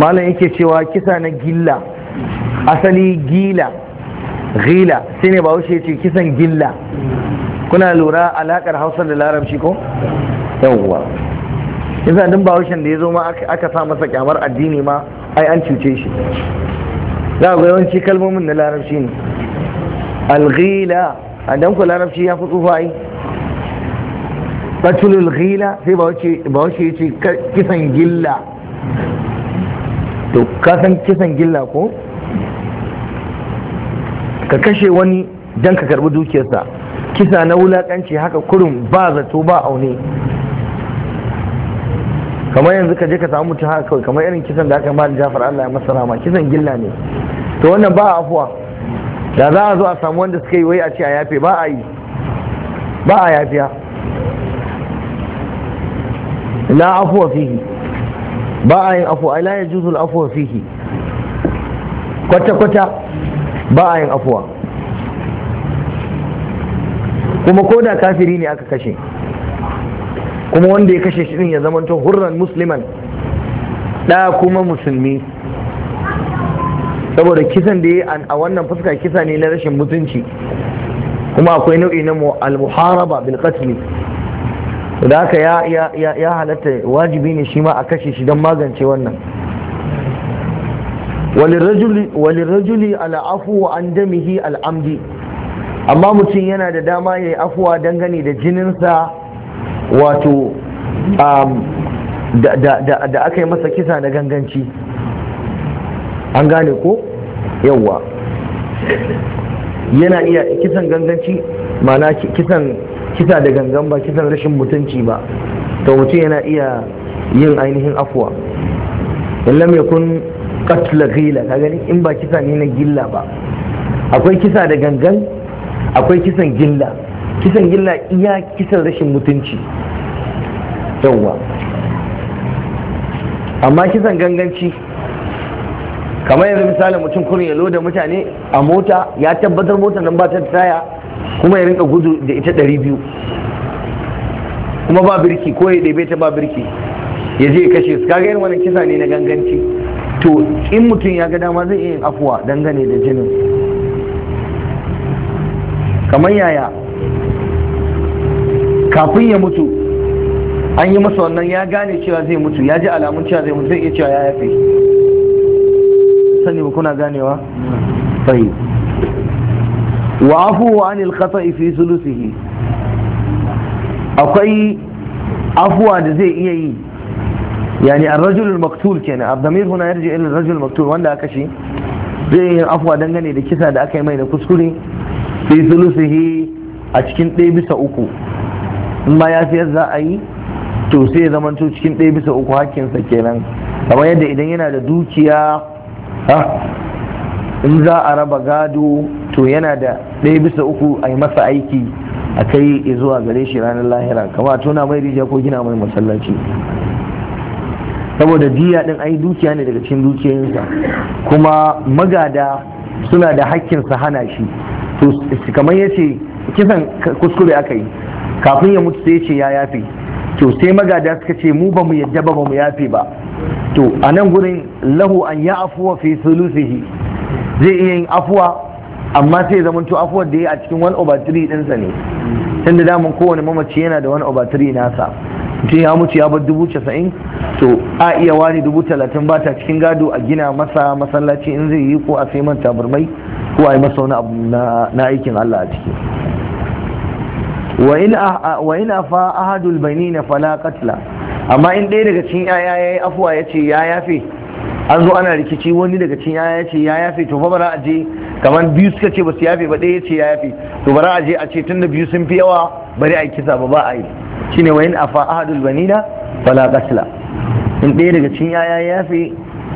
malam yake cewa kisa na gilla asali gila gila sai ne bahaushe ce kisan gilla kuna lura alakar hausa da larabci ko yawwa Kisa din bahaushen da ya zo ma aka sa masa kyamar addini ma ai an cuce shi za ga yawanci kalmomin na larabci ne alghila a dan ku larabci ya fi tsufa ai batulul ghila sai bahaushe ya ce kisan gilla to ka san kisan gilla ko ka kashe wani don ka karbi dukiyarsa kisa na wulaƙanci haka kurin ba zato ba aune kamar yanzu ka je ka samu mutum haka kawai kamar irin kisan da aka ba da jafar Allah ya masa rama kisan gilla ne to wannan ba a afuwa da za a zo a samu wanda suka yi wai a ce a yafe ba a yi ba a yafiya la afuwa fihi ba a yin afuwa la ya juzul afuwa fihi kwata-kwata ba a yin afuwa kuma ko da kafiri ne aka kashe kuma wanda ya kashe shi din ya zamanto hurran musliman Ɗaya kuma musulmi saboda kisan da ya a wannan fuska kisa ne na rashin mutunci kuma akwai nau'i na al-muharaba bil qatl to da haka ya halatta wajibi ne shi ma a kashe shi don magance wannan walirajuli al'afu an damihi al'amdi amma mutum yana da dama ya yi afuwa dangane da jininsa wato um, da aka yi masa kisa na ganganci an gane ko yawwa yana iya kisan ganganci ma'ana kisan kisa da gangan ba kisan rashin mutunci ba to mutum yana iya yin ainihin afuwa in lam yakun qatla ghila ka gani in ba kisa ne na gilla ba akwai kisa da gangan akwai kisan gilla kisan gilla iya kisan rashin mutunci yawa amma kisan ganganci kamar yanzu misalin mutum kurin ya loda mutane a mota ya tabbatar motar nan ba ta taya kuma ya rinka gudu da ita ɗari biyu kuma ba birki ko ya ɗebe ta ba birki ya je kashe su kaga yin wani kisa ne na ganganci to in mutum ya ga dama zai iya yin afuwa dangane da jinin kamar yaya kafin ya mutu an yi masa wannan ya gane cewa zai mutu ya ji alamun cewa zai mutu zai iya cewa ya yafe sani ba kuna ganewa fahimta wa wa anil khata'i fi sulusihi akwai afuwa da zai iya yi yani ar-rajul al ke kenan abdamir huna yarji ila ar al-maktul wanda aka shi zai yi afuwa dangane da kisa da aka yi mai da kuskure fi sulusihi a cikin ɗaya bisa uku in ba ya siyar za a yi to sai ya zamanto cikin ɗaya bisa uku hakkinsa kenan kamar yadda idan yana da dukiya in za a raba gado to yana da ɗaya bisa uku a yi masa aiki a kai zuwa gare shi ranar lahira kama a tona mai rijiya ko gina mai masallaci saboda diya din ai dukiya ne daga cikin dukiyoyinsa kuma magada suna da hakkin su hana shi to kamar ya ce kisan kuskure aka yi kafin ya mutu sai ya ce ya yafe to sai magada suka ce mu ba mu yadda ba mu yafe ba to a nan gurin lahu an ya afuwa fi sulusihi zai iya yin afuwa amma sai zaman to afuwar da ya a cikin wani over three ɗinsa ne tun da damun kowane mamaci yana da wani over nasa mutum ya mutu ya bar dubu casa'in to a iya wani dubu talatin ba ta cikin gado a gina masa masallaci in zai yi ko a sai man tabarmai ko a yi masa wani abu na aikin Allah a ciki wa ina fa ahadul na fala qatla amma in ɗaya daga cikin yaya yi afuwa ya ce ya yafe an zo ana rikici wani daga cikin yaya ce ya yafe to fa bara a je kamar biyu suka ce ba su yafe ba ɗaya ce ya yafe to bara a je a ce tunda biyu sun fi yawa bari a yi kisa ba ba a yi shine wa in afa ahadul banina fala qatla in ɗaya daga cikin yaya ya yafe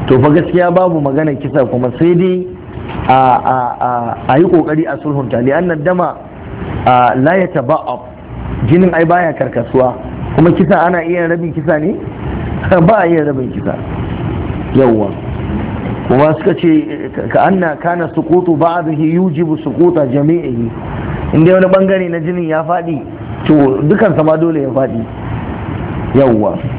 to fa gaskiya babu magana kisa kuma sai dai a yi kokari a sulhunta li annan dama la ya taba'ab jinin ai baya karkasuwa kuma kisa ana iya rabin kisa ne ba a iya rabin kisa yawwa kuma suka ce ka anna kana sukutu ba'dahi yujibu sukuta jami'ihi inda wani bangare na jinin ya faɗi to dukan sama dole ya faɗi yawwa